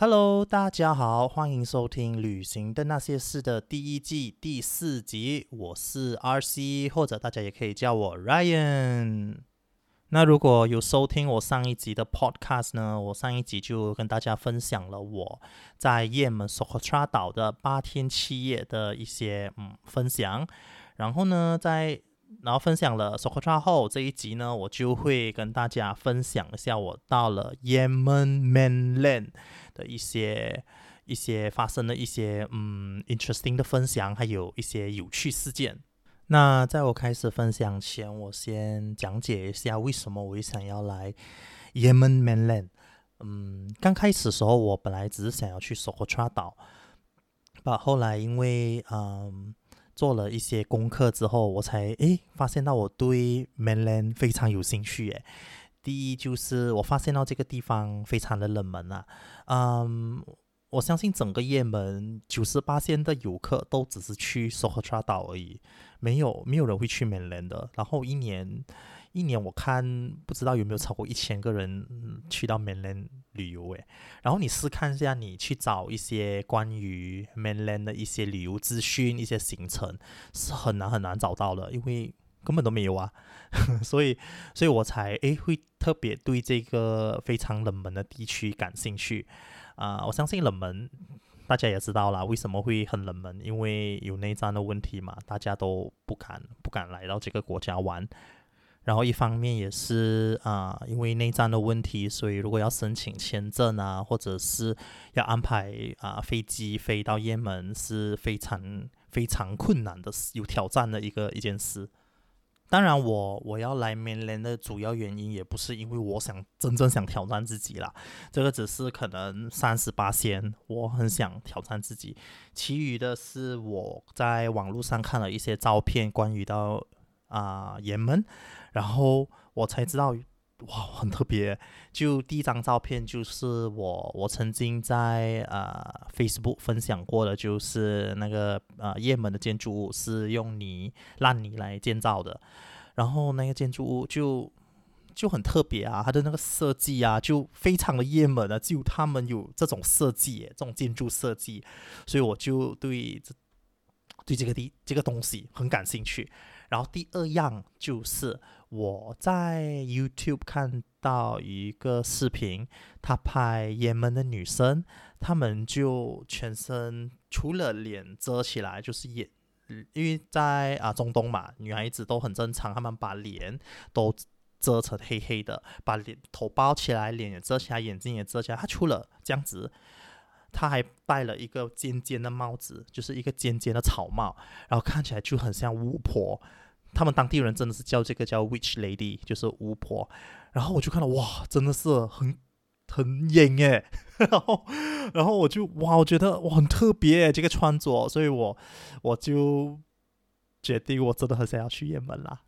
Hello，大家好，歡迎收聽《旅行的那些事》的第一季第四集。我是 RC，或者大家也可以叫我 Ryan。那如果有收聽我上一集的 Podcast 呢？我上一集就跟大家分享了我在 Yemen Socotra 島的八天七夜的一些嗯分享。然後呢，在然後分享了 Socotra 後，這一集呢，我就會跟大家分享一下我到了 Yemen Mainland。的一些一些發生的一些嗯 interesting 的分享，還有一些有趣事件。那在我開始分享前，我先講解一下為什麼我想要來 Yemen mainland。嗯，剛開始的時候，我本來只是想要去 Socotra 島，但後來因為嗯做了一些功課之後，我才誒發現到我對 mainland 非常有興趣耶。第一就是我發現到這個地方非常的冷門啊，嗯、um,，我相信整個葉門九十八%的遊客都只是去索科特拉島而已，沒有沒有人會去 Mainland。然後一年一年我看不知道有沒有超過一千個人去到 Mainland 旅遊誒，然後你試看一下，你去找一些關於 Mainland 的一些旅遊資訊、一些行程，是很難很難找到的，因為。根本都沒有啊， 所以，所以我才誒會特別對這個非常冷門的地區感興趣啊、呃！我相信冷門大家也知道啦，為什麼會很冷門？因為有內戰的問題嘛，大家都不敢不敢來到這個國家玩。然後一方面也是啊、呃，因為內戰的問題，所以如果要申請簽證啊，或者是要安排啊、呃、飛機飛到葉門，是非常非常困難的，有挑戰的一個一件事。當然我，我我要來 mainland 的主要原因也不是因為我想真正想挑戰自己啦，這個只是可能30%，我很想挑戰自己。其餘的是我在網絡上看了一些照片，關於到啊，也、呃、門，然後我才知道哇，很特別。就第一張照片就是我我曾經在啊、呃、Facebook 分享過的，就是那個呃也門的建築物是用泥爛泥來建造的。然後那個建築物就就很特別啊，它的那個設計啊，就非常的葉門啊，就他們有這種設計，這種建築設計，所以我就對這對這個地這個東西很感興趣。然後第二樣就是我在 YouTube 看到一個視頻，他拍也門的女生，她們就全身除了臉遮起來就是眼。因為在啊中東嘛，女孩子，都很正常，她們把臉都遮成黑黑的，把臉頭包起來，臉也遮起來，眼睛也遮起來。她除了這樣子，她還戴了一個尖尖的帽子，就是一個尖尖的草帽，然後看起來就很像巫婆。他們當地人真的是叫這個叫 witch lady，就是巫婆。然後我就看到哇，真的是很。很硬，哎，然後，然後我就哇，我覺得我很特別哎，這個穿着，所以我我就決定，我真的很想要去葉門了。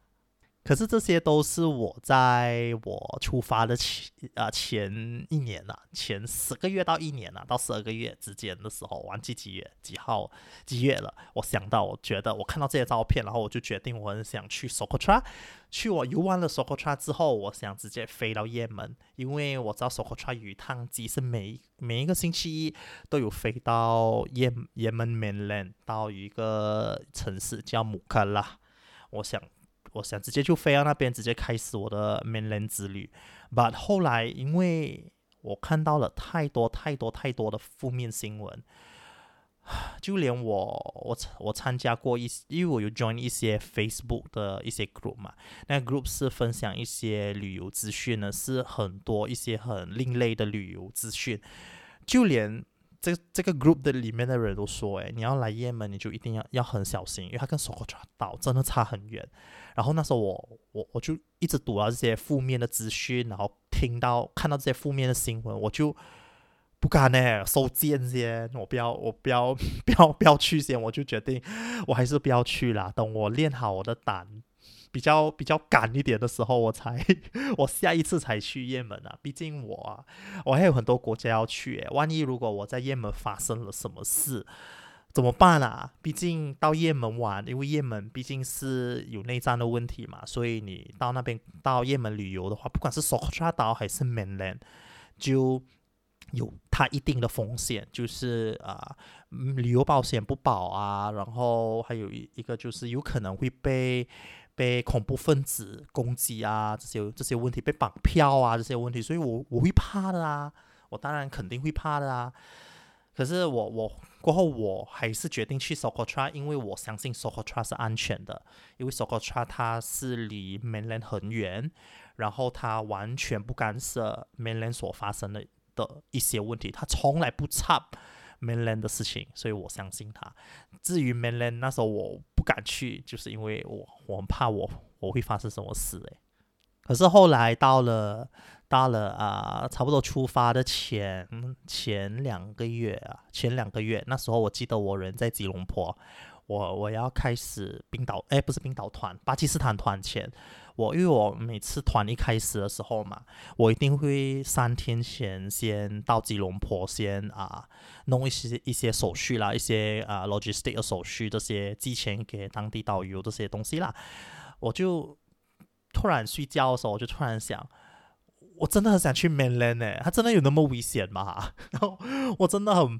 可是這些都是我在我出發的前啊、呃、前一年吶、啊，前十個月到一年吶、啊，到十二個月之間的時候，忘記幾月幾號幾月了。我想到，我覺得我看到這些照片，然後我就決定我很想去 Socotra。去我遊玩了 Socotra 之後，我想直接飛到也門，因為我知道 Socotra 有一趟機是每每一個星期一都有飛到也也門 mainland 到一個城市叫姆克拉，我想。我想直接就飛到那邊，直接開始我的 mainland 之旅。But 後來，因為我看到了太多太多太多的負面新聞，就連我我我參加過一些，因為我有 join 一些 Facebook 的一些 group 嘛。那個 group 是分享一些旅遊資訊呢，是很多一些很另類的旅遊資訊，就連。這個這個 group 的裡面的人都說，誒，你要來葉門，你就一定要要很小心，因為它跟索科特拉島真的差很遠。然後那時候我我我就一直讀到這些負面的資訊，然後聽到看到這些負面的新聞，我就不敢呢，收劍先，我不要我不要不要不要去先，我就決定我還是不要去啦，等我練好我的膽。比較比較趕一點的時候，我才我下一次才去葉門啊。畢竟我、啊、我還有很多國家要去誒。萬一如果我在葉門發生了什麼事，怎麼辦啊？畢竟到葉門玩，因為葉門畢竟是有內戰的問題嘛，所以你到那邊到葉門旅遊的話，不管是索科特拉島還是 Mainland，就有它一定的風險，就是啊，旅遊保險不保啊。然後還有一一個就是有可能會被被恐怖分子攻擊啊，這些這些問題被綁票啊，這些問題，所以我我會怕的啊，我當然肯定會怕的啊。可是我我過後我還是決定去 Socotra，因為我相信 Socotra 是安全的，因為 Socotra 它是離 Mainland 很遠，然後它完全不干涉 Mainland 所發生的的一些問題，它從來不插。mainland 的事情，所以我相信他。至於 mainland，那時候我不敢去，就是因為我我很怕我我會發生什麼事誒、哎，可是後來到了到了啊，差不多出發的前前兩個月啊，前兩個月那時候我記得我人在吉隆坡，我我要開始冰島誒、哎，不是冰島團，巴基斯坦團前。我因為我每次團一開始的時候嘛，我一定會三天前先到吉隆坡先啊，弄一些一些手續啦，一些啊、呃、logistic 的手續，這些寄錢給當地導遊這些東西啦。我就突然睡覺的時候，我就突然想，我真的很想去 Mainland 誒，它真的有那麼危險嗎？然後我真的很，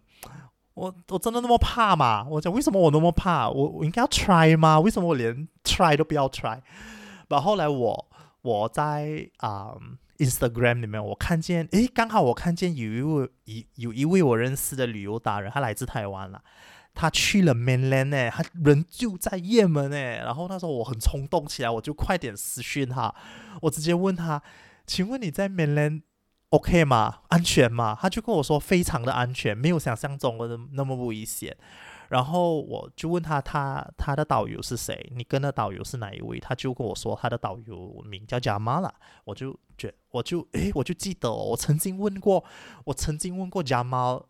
我我真的那麼怕嗎？我講，為什麼我那麼怕？我我應該要 try 嗎？為什麼我連 try 都不要 try？然後來我我在啊、um, Instagram 裡面，我看見誒，剛好我看見有一位一有一位我認識的旅遊達人，他來自台灣了，他去了 Mainland 誒，他人就在 Yemen 誒，然後那時候我很衝動起來，我就快點私訊他，我直接問他，請問你在 Mainland OK 嗎？安全嗎？他就跟我說非常的安全，沒有想象中的那麼危險。然後我就問他，他他的導遊是誰？你跟的導遊是哪一位？他就跟我說，他的導遊名叫 Jamal，我就覺，我就誒、欸，我就記得、哦、我曾經問過，我曾經問過 Jamal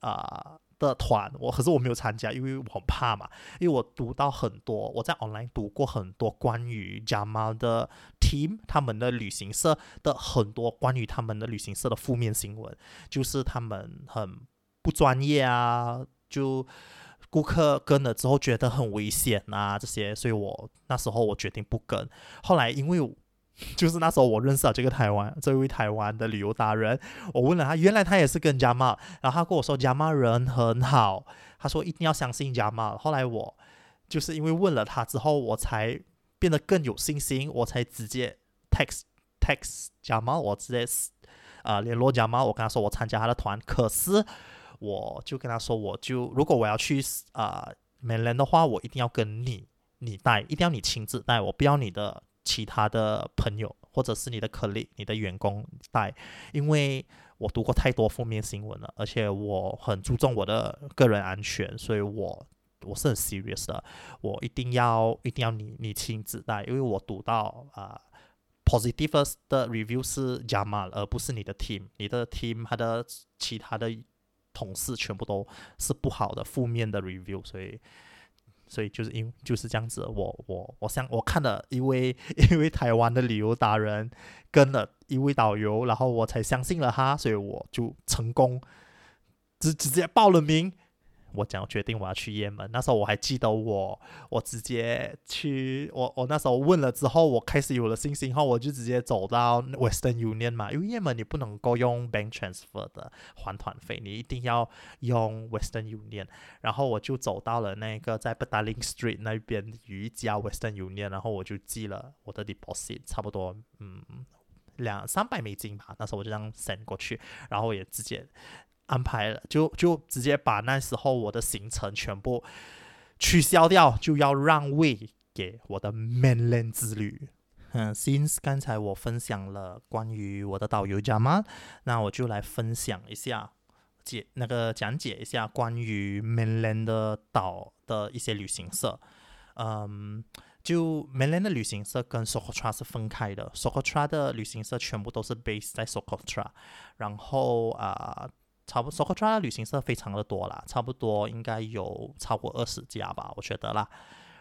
啊的團，我可是我沒有參加，因為我很怕嘛，因為我讀到很多，我在 online 讀過很多關於 Jamal 的 team 他們的旅行社的很多關於他們的旅行社的負面新聞，就是他們很不專業啊，就。顧客跟了之後覺得很危險啊，這些，所以我那時候我決定不跟。後來因為就是那時候我認識了這個台灣這位台灣的旅遊達人，我問了他，原來他也是跟 Jama，然後他跟我說 Jama 人很好，他說一定要相信 Jama。後來我就是因為問了他之後，我才變得更有信心，我才直接 text text Jama，我直接啊、呃、聯絡 Jama，我跟他說我參加他的團，可是。我就跟他說，我就如果我要去啊，呃、mainland 的話，我一定要跟你你帶，一定要你親自帶，我不要你的其他的朋友或者是你的 colleague、你的員工帶，因為我讀過太多負面新聞了，而且我很注重我的個人安全，所以我我是很 serious 的，我一定要一定要你你親自帶，因為我讀到啊、呃、positive 的 review 是 Jamal 而不是你的 team、你的 team 他的其他的。同事全部都是不好的、負面的 review，所以，所以就是因就是這樣子。我我我想我看了一位一位台灣的旅遊達人，跟了一位導遊，然後我才相信了他，所以我就成功直直接報了名。我講決定我要去 Yemen，那時候我還記得我我直接去我我那時候問了之後，我開始有了信心後，後我就直接走到 Western Union 嘛，因為 Yemen 你不能夠用 bank transfer 的還團費，你一定要用 Western Union，然後我就走到了那個在 Petaling Street 那邊有一家 Western Union，然後我就寄了我的 deposit，差不多嗯兩三百美金吧，那時候我就這樣 send 過去，然後也直接。安排了，就就直接把那時候我的行程全部取消掉，就要讓位給我的 mainland 之旅。嗯，Since 剛才我分享了關於我的導遊 Jamal，那我就來分享一下解那個講解一下關於 mainland 的島的一些旅行社。嗯，就 mainland 的旅行社跟 Socotra 是分開的，Socotra 的旅行社全部都是 base 在 Socotra，然後啊。差不多，Socotra 的旅行社非常的多啦，差不多應該有超過二十家吧，我覺得啦。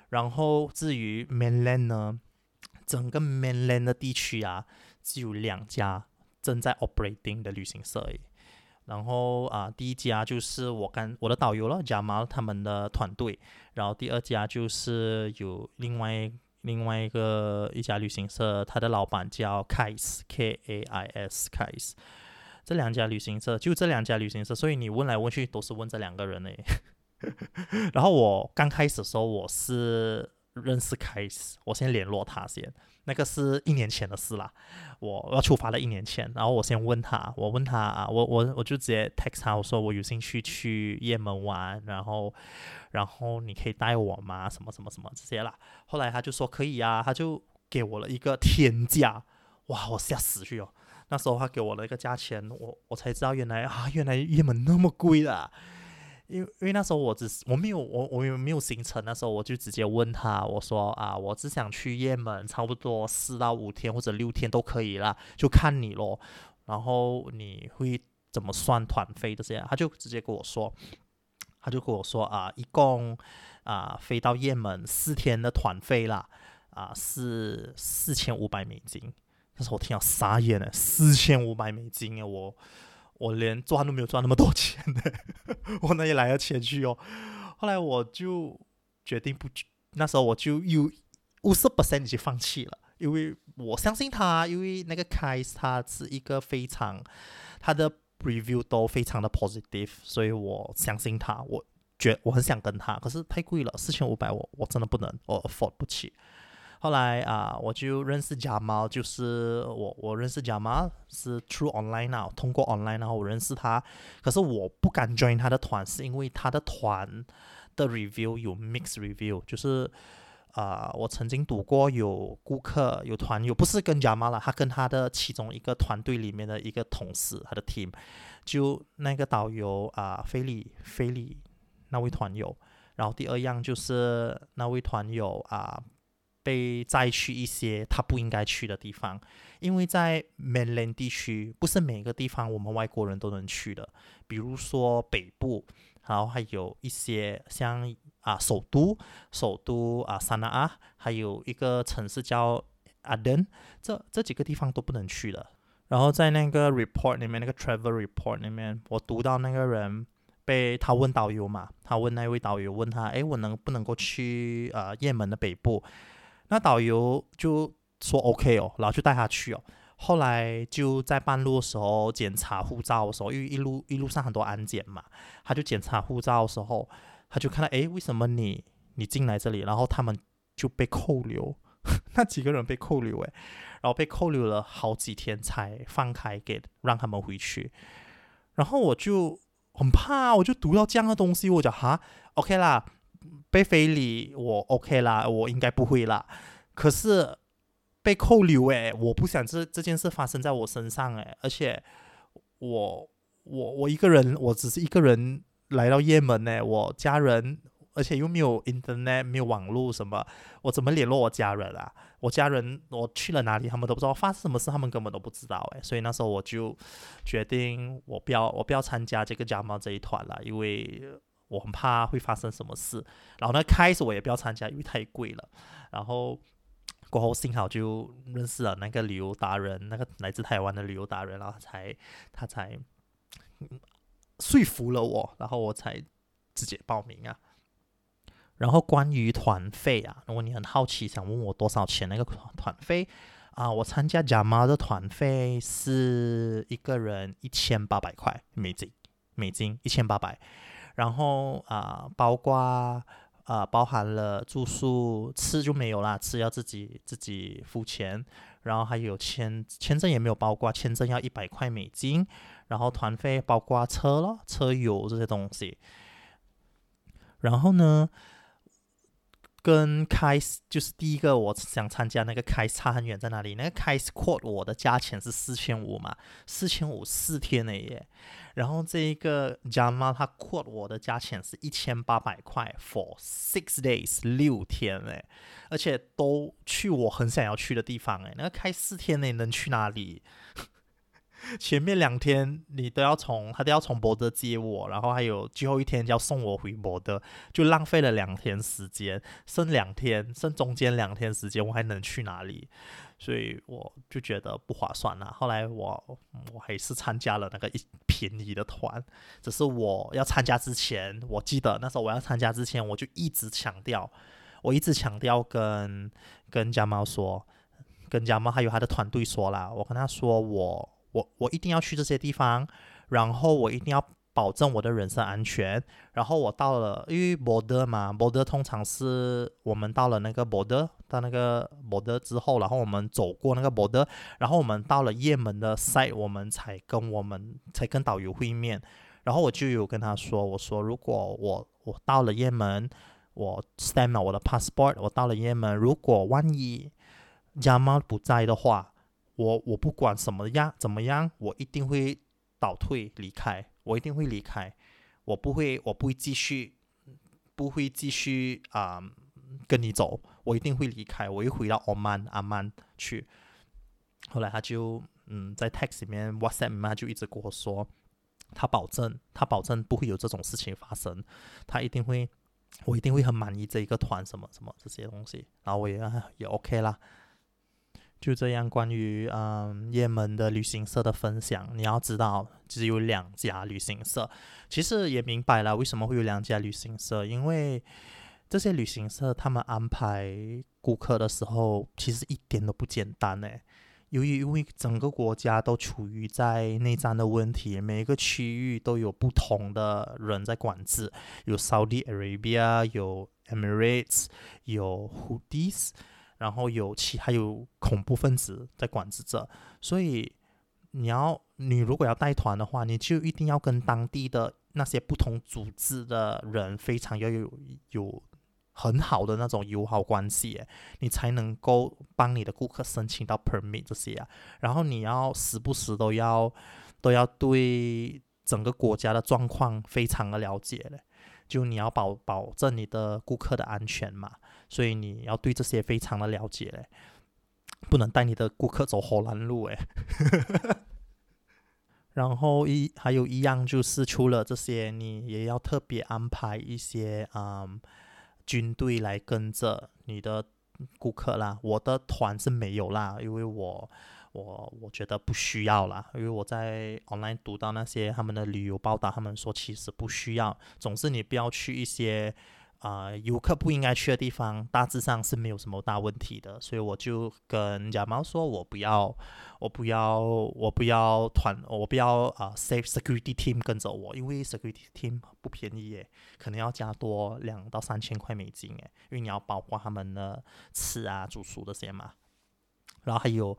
然後至於 Mainland 呢，整個 Mainland 的地區啊，只有兩家正在 Operating 的旅行社而已。然後啊，第一家就是我跟我的導遊了，Jamal 他們的團隊。然後第二家就是有另外另外一個一家旅行社，他的老板叫 Kais K A I S Kais。這兩家旅行社就這兩家旅行社，所以你問來問去都是問這兩個人嘞、哎。 然後我剛開始的時候，我是認識凱斯，我先聯絡他先，那個是一年前的事啦。我要出發了一年前，然後我先問他，我問他，我我我就直接 text 他，我說我有興趣去葉門玩，然後然後你可以帶我嗎？什麼什麼什麼這些啦。後來他就說可以啊，他就給我了一個天價，哇，我嚇死去哦。那時候他給我了一個價錢，我我才知道原來啊，原來葉門那麼貴啦、啊，因為因為那時候我只我沒有我我也沒有行程，那時候我就直接問他，我說啊，我只想去葉門，差不多四到五天或者六天都可以啦，就看你咯。然後你會怎麼算團費這些？他就直接跟我說，他就跟我說啊，一共啊飛到葉門四天的團費啦，啊是四千五百美金。那時候我聽到傻眼了，四千五百美金啊！我我連賺都沒有賺那麼多錢呢， 我哪裡來的錢去哦？後來我就決定不，那時候我就有五十 percent 已經放棄了，因為我相信他，因為那個 Kais 他是一個非常他的 review 都非常的 positive，所以我相信他，我覺我很想跟他，可是太貴了，四千五百，我我真的不能，我 afford 不起。後來啊，我就認識賈媽，就是我我認識賈媽是 through online Now、啊、通過 online 然後、啊、我認識他。可是我不敢 join 他的團，是因為他的團的 review 有 mixed review，就是啊，我曾經讀過有顧客有團友不是跟賈媽了，他跟他的其中一個團隊裡面的一個同事，他的 team，就那個導遊啊，菲利菲利那位團友，然後第二樣就是那位團友啊。被載去一些他不應該去的地方，因為在 mainland 地區，不是每個地方我們外國人都能去的。比如說北部，然後還有一些像啊首都，首都啊，薩那啊，還有一個城市叫阿登，這這幾個地方都不能去的。然後在那個 report 裡面，那個 travel report 裡面，我讀到那個人被他問導遊嘛，他問那位導遊問他，誒，我能不能夠去啊，葉門的北部？那導遊就說 OK 哦，然後就帶他去哦。後來就在半路的時候，檢查護照的時候，因為一路一路上很多安檢嘛，他就檢查護照的時候，他就看到誒，為什麼你你進來這裡？然後他們就被扣留呵呵，那幾個人被扣留誒，然後被扣留了好幾天才放開給讓他們回去。然後我就很怕，我就讀到這樣的東西，我講哈 OK 啦。被非禮我 OK 啦，我應該不會啦。可是被扣留哎、欸，我不想這這件事發生在我身上哎、欸。而且我我我一個人，我只是一個人來到也門哎、欸，我家人而且又沒有 internet 沒有網絡什麼，我怎麼聯絡我家人啊？我家人我去了哪裡，他們都不知道，發生什麼事他們根本都不知道哎、欸。所以那時候我就決定我不要我不要參加這個家貓這一團啦，因為。我很怕會發生什麼事，然後呢，開始我也不要參加，因為太貴了。然後過後幸好就認識了那個旅遊達人，那個來自台灣的旅遊達人，然後他才他才說服了我，然後我才直接報名啊。然後關於團費啊，如果你很好奇，想問我多少錢那個團團費啊，我參加 Jama 的團費是一個人一千八百塊美金，美金一千八百。然後啊、呃，包括啊、呃，包含了住宿，吃就沒有啦，吃要自己自己付錢。然後還有簽簽證也沒有包括，簽證要一百塊美金。然後團費包括車咯，車油這些東西。然後呢？跟開就是第一個，我想參加那個開差很遠在哪裡？那個開 quote 我的價錢是四千五嘛，四千五四天呢耶。然後這一個 Jamal 他 quote 我的價錢是一千八百塊，for six days 六天誒。而且都去我很想要去的地方誒。那個開四天呢能去哪裡？ 前面兩天你都要從他都要從博德接我，然後還有最後一天就要送我回博德，就浪費了兩天時間。剩兩天，剩中間兩天時間，我還能去哪裡？所以我就覺得不划算啦。後來我我還是參加了那個一便宜的團，只是我要參加之前，我記得那時候我要參加之前，我就一直強調，我一直強調跟跟家貓說，跟家貓還有他的團隊說啦，我跟他說我。我我一定要去這些地方，然後我一定要保證我的人身安全。然後我到了，因為 border 嘛，border 通常是我們到了那個 border，到那個 border 之後，然後我們走過那個 border，然後我們到了葉門的 side 我們才跟我們才跟導遊會面。然後我就有跟他說，我說如果我我到了葉門，我 stamp 了我的 passport，我到了葉門，如果萬一 Jamal 不在的話。我我不管什麼樣怎麼樣，我一定會倒退離開，我一定會離開，我不會我不會繼續，不會繼續啊、um, 跟你走，我一定會離開，我會回到阿曼阿曼去。後來他就嗯在 text 裡面 WhatsApp 嘛，就一直跟我說，他保證他保證，他保證不會有這種事情發生，他一定會我一定會很滿意這一個團什麼什麼這些東西，然後我也也 OK 啦。就這樣，關於嗯也門的旅行社的分享，你要知道只有兩家旅行社。其實也明白了為什麼會有兩家旅行社，因為這些旅行社他們安排顧客的時候，其實一點都不簡單誒，由於因為整個國家都處於在內戰的問題，每一個區域都有不同的人在管制，有 Saudi Arabia，有 Emirates，有 Houthis 然後有其他有恐怖分子在管制着，所以你要你如果要帶團的話，你就一定要跟當地的那些不同組織的人非常要有有很好的那種友好關係，你才能夠幫你的顧客申請到 permit 這些啊。然後你要時不時都要都要對整個國家的狀況非常的了解了，就你要保保證你的顧客的安全嘛。所以你要對這些非常的了解，不能帶你的顧客走後攔路、哎、 然後一還有一樣就是除了這些，你也要特別安排一些啊、嗯、軍隊來跟着你的顧客啦。我的團是沒有啦，因為我我我覺得不需要啦，因為我在 online 讀到那些他們的旅遊報道，他們說其實不需要。總之你不要去一些。啊、呃，遊客不應該去的地方，大致上是沒有什麼大問題的，所以我就跟賈貓說，我不要，我不要，我不要團，我不要啊、呃、safe security team 跟着我，因為 security team 不便宜哎，可能要加多兩到三千塊美金哎，因為你要包括他們的吃啊、住宿這些嘛，然後還有。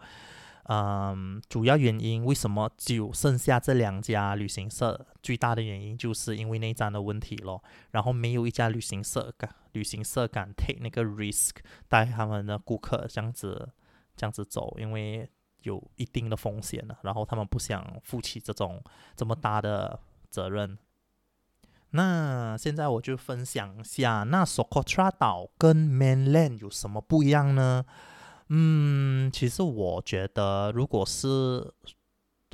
嗯、um，主要原因為什麼就剩下這兩家旅行社？最大的原因就是因為內戰的問題咯。然後沒有一家旅行社敢，旅行社敢 take 那個 risk 帶他們的顧客這樣子，這樣子走，因為有一定的風險了。然後他們不想負起這種這麼大的責任。那現在我就分享一下，那索科特拉島跟 Mainland 有什麼不一樣呢？嗯，其實我覺得，如果是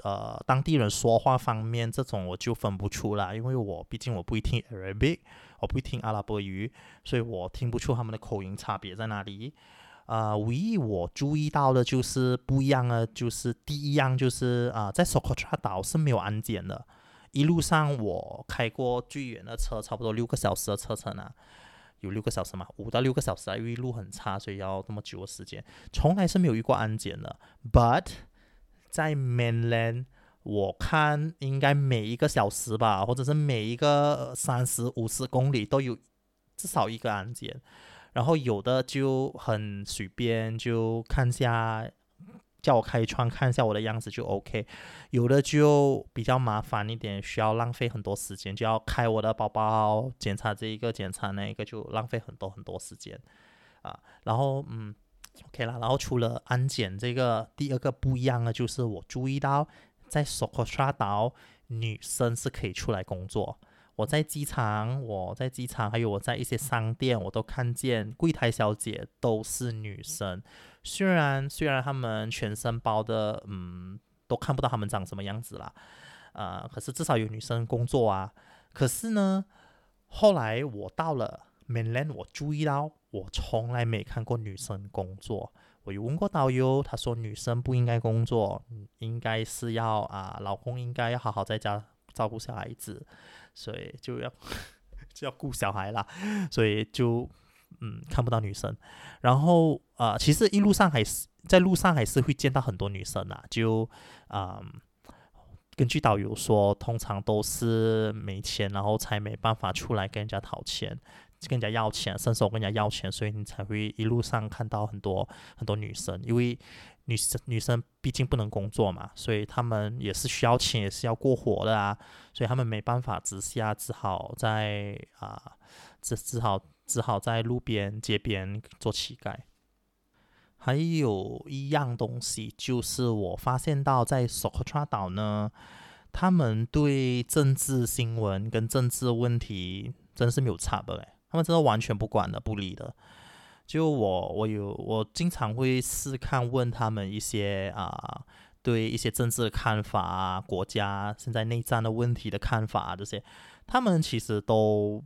呃當地人說話方面這種，我就分不出來，因為我畢竟我不會聽 Arabic，我不會聽阿拉伯語，所以我聽不出他們的口音差別在哪裡。呃，唯一我注意到的就是不一樣的，就是第一樣就是啊、呃，在 Socotra 島是沒有安檢的，一路上我開過最遠的車，差不多六個小時的車程啊。有六個小時嘛，五到六個小時啊，因為路很差，所以要那麼久的時間。從來是沒有遇過安檢的，but 在 Mainland，我看應該每一個小時吧，或者是每一個三十五十公里都有至少一個安檢，然後有的就很隨便，就看一下。叫我開窗看一下我的樣子就 OK。有的就比較麻煩一點，需要浪費很多時間，就要開我的包包，檢查這一個，檢查那一個，就浪費很多很多時間，啊，然後嗯，OK 啦，然後除了安檢這個，第二個不一樣的就是我注意到在索科特拉島，女生是可以出來工作，我在機場，我在機場，還有我在一些商店，我都看見櫃檯小姐都是女生。雖然雖然她們全身包的，嗯，都看不到她們長什麼樣子啦，啊、呃，可是至少有女生工作啊。可是呢，後來我到了 Mainland，我注意到我從來沒看過女生工作。我有問過導遊，他說女生不應該工作，應該是要啊，老公應該要好好在家。照顧小孩子，所以就要就要顧小孩啦，所以就嗯看不到女生。然後啊、呃，其實一路上還是在路上還是會見到很多女生啦。就啊、嗯、根據導遊說，通常都是沒錢，然後才沒辦法出來跟人家討錢，跟人家要錢，伸手跟人家要錢，所以你才會一路上看到很多很多女生，因為。女生女生，畢竟不能工作嘛，所以他們也是需要錢，也是要過活的啊，所以他們沒辦法直下，只好在啊，只只好只好在路邊街邊做乞丐。還有一樣東西，就是我發現到在索科特拉島呢，他們對政治新聞跟政治問題真是沒有差別的，他們真的完全不管的不理的。就我，我有我經常會試看問他們一些啊，對一些政治的看法啊，國家現在內戰的問題的看法啊，這些，他們其實都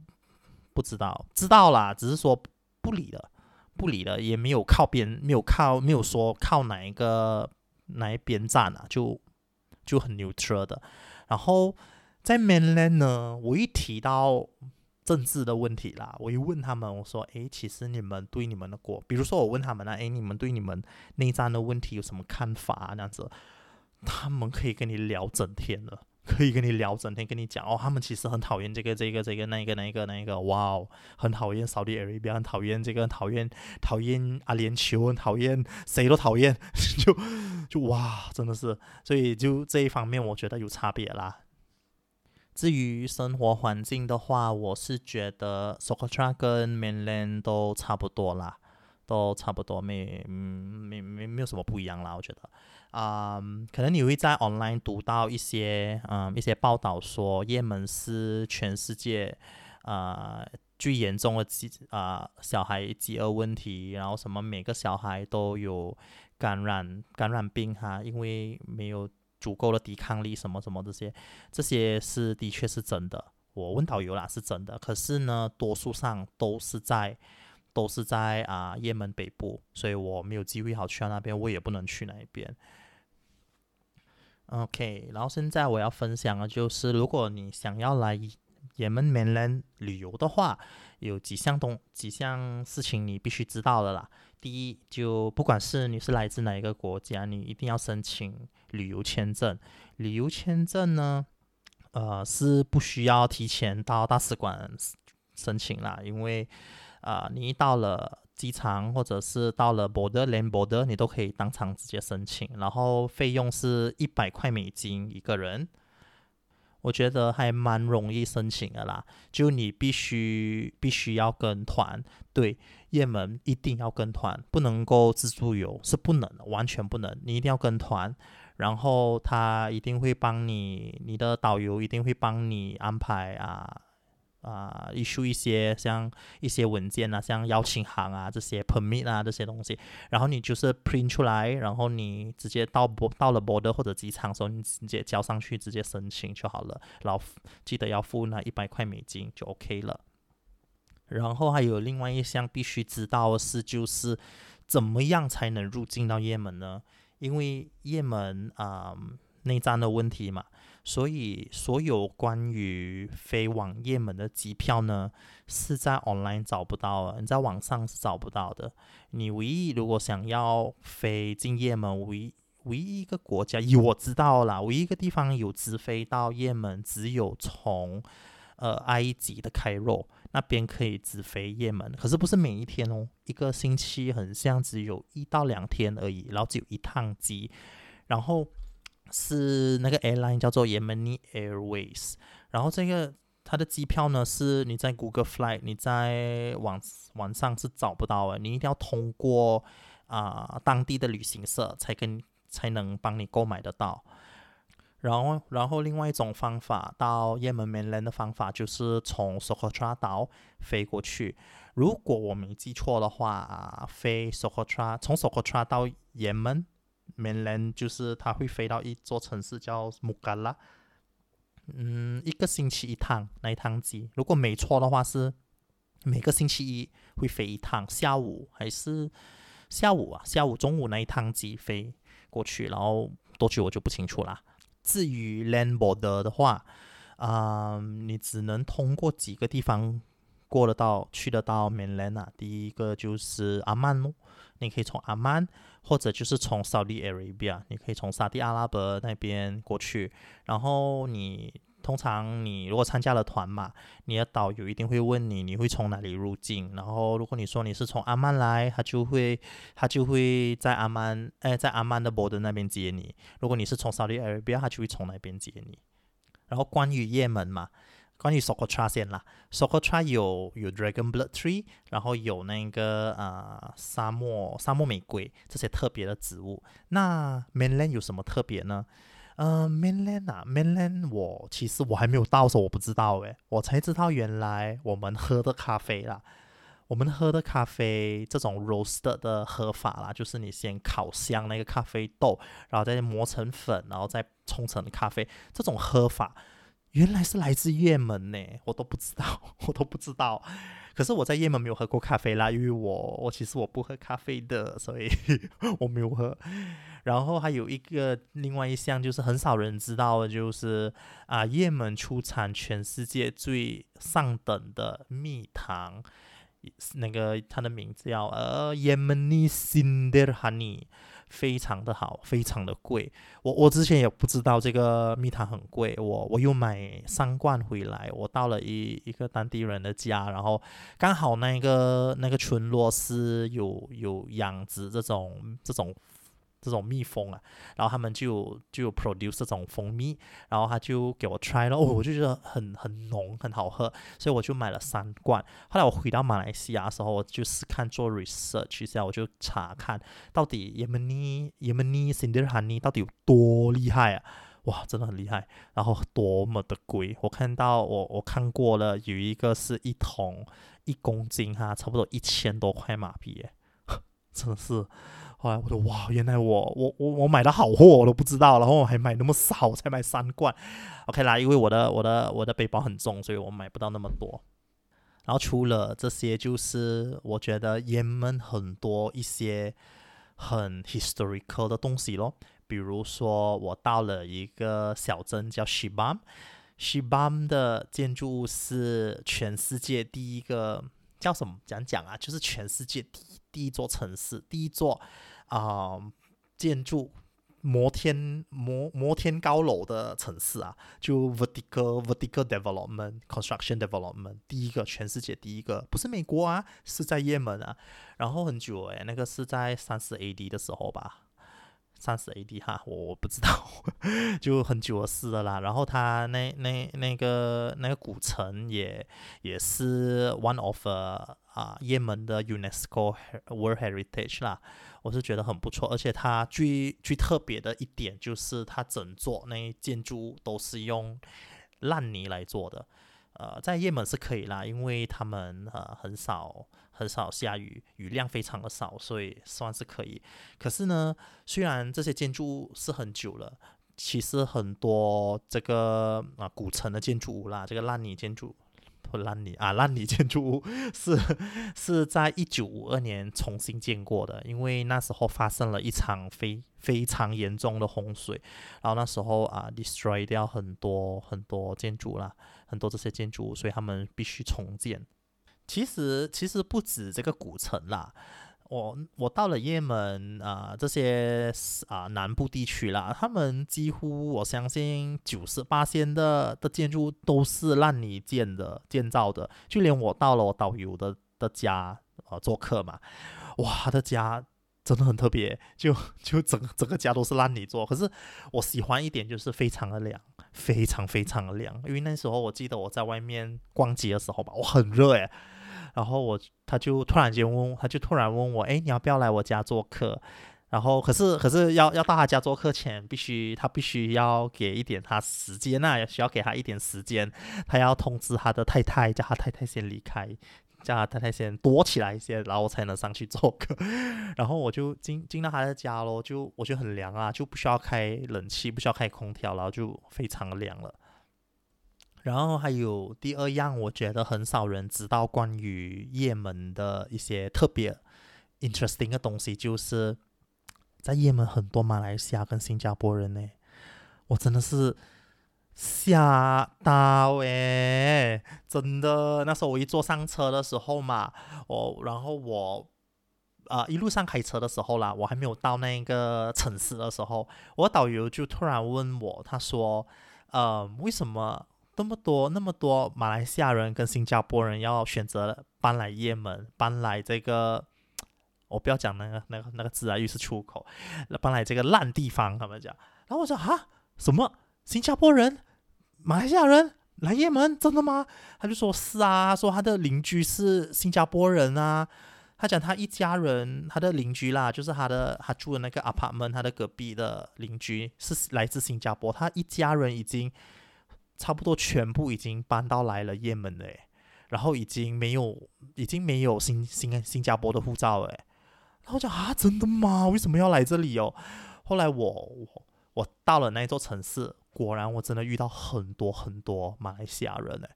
不知道，知道啦，只是說不理的，不理的，也沒有靠邊，沒有靠，沒有說靠哪一個哪一邊站啊，就就很 neutral 的。然後在 mainland 呢，我一提到。政治的問題啦，我一問他們，我說：“誒，其實你們對你們的國，比如說我問他們啦，誒，你們對你們內戰的問題有什麼看法、啊？那樣子，他們可以跟你聊整天的，可以跟你聊整天，跟你講哦，他們其實很討厭這個這個這個那、這個那個那個，哇哦，很討厭 Saudi Arabia，比較討厭這個，討厭討厭阿聯酋，很討厭誰都討厭， 就就哇，真的是，所以就這一方面，我覺得有差別啦。”至於生活環境的話，我是覺得 Socotra 跟 Mainland 都差不多啦，都差不多沒嗯沒沒沒有什麼不一樣啦，我覺得。啊、um,，可能你會在 online 讀到一些嗯、um, 一些報道說，也門是全世界呃、啊、最嚴重的飢啊小孩飢餓問題，然後什麼每個小孩都有感染感染病哈、啊，因為沒有。足夠的抵抗力什麼什麼這些，這些是的確是真的。我問導遊啦，是真的。可是呢，多數上都是在，都是在啊，也門北部，所以我沒有機會好去到那邊，我也不能去那邊。OK，然後現在我要分享的，就是如果你想要來。葉門 mainland 旅遊的話，有幾項東幾項事情你必須知道的啦。第一，就不管是你是來自哪一個國家，你一定要申請旅遊簽證。旅遊簽證呢，呃，是不需要提前到大使館申請啦，因為啊、呃，你到了機場或者是到了 border 連 border，你都可以當場直接申請，然後費用是一百塊美金一個人。我覺得還蠻容易申請的啦，就你必須必須要跟團，對，也門一定要跟團，不能夠自助遊，是不能，完全不能，你一定要跟團，然後他一定會幫你，你的導遊一定會幫你安排啊。啊，issue 一些像一些文件啊，像邀請函啊，這些 permit 啊，這些東西，然後你就是 print 出來，然後你直接到博到了 border 或者機場的時候，你直接交上去，直接申請就好了。然後記得要付那一百塊美金就 OK 了。然後還有另外一項必須知道的是，就是怎麼樣才能入境到也門呢？因為也門啊、um、內戰的問題嘛。所以，所有關於飛往也門的機票呢，是在 online 找不到了。你在網上是找不到的。你唯一如果想要飛進也門，唯唯一一個國家，以我知道啦，唯一一個地方有直飛到也門，只有從呃埃及的開羅那邊可以直飛也門。可是不是每一天哦，一個星期很像只有一到兩天而已，然後只有一趟機，然後。是那個 airline 叫做 Yemeni Airways，然後這個它的機票呢，是你在 Google Flight，你在網網上是找不到的，你一定要通過啊、呃、當地的旅行社才跟才能幫你購買得到。然後，然後另外一種方法到 Yemen mainland 的方法就是從 Socotra 島飛過去。如果我沒記錯的話，飛 Socotra，從 Socotra 到 Yemen。mainland，就是它會飛到一座城市叫 Mukalla 嗯，一個星期一趟，那一趟機，如果沒錯的話是每個星期一會飛一趟，下午還是下午啊，下午中午那一趟機飛過去，然後多久我就不清楚啦。至於 land border 的話，啊、呃，你只能通過幾個地方過得到、去得到 mainland 啊，第一個就是阿曼，你可以從阿曼。或者就是從沙 a b i a 你可以從沙特阿拉伯那邊過去。然後你通常你如果參加了團嘛，你的導遊一定會問你你會從哪裡入境。然後如果你說你是從阿曼來，他就會他就會在阿曼誒、呃，在阿曼的伯登那邊接你。如果你是從沙 a 阿拉伯，他就會從那邊接你。然後關於也門嘛。關於 Socotra 先啦，Socotra 有有 Dragon Blood Tree，然後有那個呃沙漠沙漠玫瑰這些特別的植物。那 Mainland 有什麼特別呢？呃，Mainland 啊，Mainland 我其實我還沒有到，時候，我不知道哎。我才知道原來我們喝的咖啡啦，我們喝的咖啡這種 roasted 的喝法啦，就是你先烤香那個咖啡豆，然後再磨成粉，然後再沖成咖啡，這種喝法。原來是來自葉門呢，我都不知道，我都不知道。可是我在葉門沒有喝過咖啡啦，因為我我其實我不喝咖啡的，所以 我沒有喝。然後還有一個另外一項就是很少人知道的就是啊，葉門出產全世界最上等的蜜糖，那個它的名字叫呃 Yemeni Sidr Honey 非常的好，非常的貴。我我之前也不知道這個蜜糖很貴，我我又買三罐回來。我到了一一個當地人的家，然後剛好那個那個村落是有有養殖這種這種。這種蜜蜂啊，然後他們就就 produce 這種蜂蜜，然後他就給我 try 了，哦，我就覺得很很濃，很好喝，所以我就買了三罐。後來我回到馬來西亞的時候，我就試看做 research 一下，我就查看到底 Yemeni Yemeni Sidr Honey 到底有多厲害啊！哇，真的很厲害，然後多麼的貴，我看到我我看過了，有一個是一桶一公斤哈、啊，差不多一千多塊馬幣，真的是。後來我說哇，原來我我我我買的好貨，我都不知道。然後我還買那麼少，我才買三罐。OK 啦，因為我的我的我的背包很重，所以我買不到那麼多。然後除了這些，就是我覺得 Yemen 很多一些很 historical 的東西咯。比如說，我到了一個小鎮叫 Shibam，Shibam Shibam 的建築物是全世界第一個叫什麼？講講啊，就是全世界第一第一座城市，第一座。啊，建築摩天摩摩天高樓的城市啊，就 vertical vertical development construction development 第一個，全世界第一個不是美國啊，是在也門啊。然後很久誒，那個是在三十 A D 的時候吧，三十 A D 哈，我我不知道， 就很久的事了啦。然後它那那那個那個古城也也是 one of 啊也門的 UNESCO World Heritage 啦。我是覺得很不錯，而且它最最特別的一點就是它整座那建築都是用爛泥來做的。呃，在也門是可以啦，因為他們呃很少很少下雨，雨量非常的少，所以算是可以。可是呢，雖然這些建築是很久了，其實很多這個啊古城的建築物啦，這個爛泥建築。不爛泥啊，爛泥建築物是是在一九五二年重新建過的，因為那時候發生了一場非非常嚴重的洪水，然後那時候啊，destroy 掉很多很多建築啦，很多這些建築物，所以他們必須重建。其實其實不止這個古城啦。我我到了也門啊、呃，這些啊、呃、南部地區啦，他們幾乎我相信九十八%的的建築都是爛泥建的建造的，就連我到了我導遊的的家啊、呃、做客嘛，哇，他的家真的很特別，就就整整個家都是爛泥做。可是我喜歡一點就是非常的涼，非常非常的涼，因為那時候我記得我在外面逛街的時候吧，我很熱哎。然後我他就突然間問，他就突然問我，哎，你要不要來我家做客？然後可是可是要要到他家做客前，必須他必須要給一點他時間啊，也需要給他一點時間，他要通知他的太太，叫他太太先離開，叫他太太先躲起來一些，然後我才能上去做客。然後我就進進到他的家咯，就我就很涼啊，就不需要開冷氣，不需要開空調，然後就非常涼了。然後還有第二樣，我覺得很少人知道關於葉門的一些特別 interesting 的東西，就是在葉門很多馬來西亞跟新加坡人呢，我真的是嚇到誒，真的，那時候我一坐上車的時候嘛，我然後我啊、呃、一路上開車的時候啦，我還沒有到那個城市的時候，我導遊就突然問我，他說，嗯、呃，為什麼？那麼多那麼多馬來西亞人跟新加坡人要選擇搬來葉門，搬來這個，我不要講那個那個那個字啊，又是出口，搬來這個爛地方。他們講，然後我說啊，什麼新加坡人、馬來西亞人來葉門，真的嗎？他就說是啊，說他的鄰居是新加坡人啊，他講他一家人，他的鄰居啦，就是他的他住的那個 apartment，他的隔壁的鄰居是來自新加坡，他一家人已經。差不多全部已經搬到來了也門誒、哎，然後已經沒有，已經沒有新新新加坡的護照誒、哎。然後就啊，真的嗎？為什麼要來這裡哦？後來我我我到了那座城市，果然我真的遇到很多很多馬來西亞人誒、哎，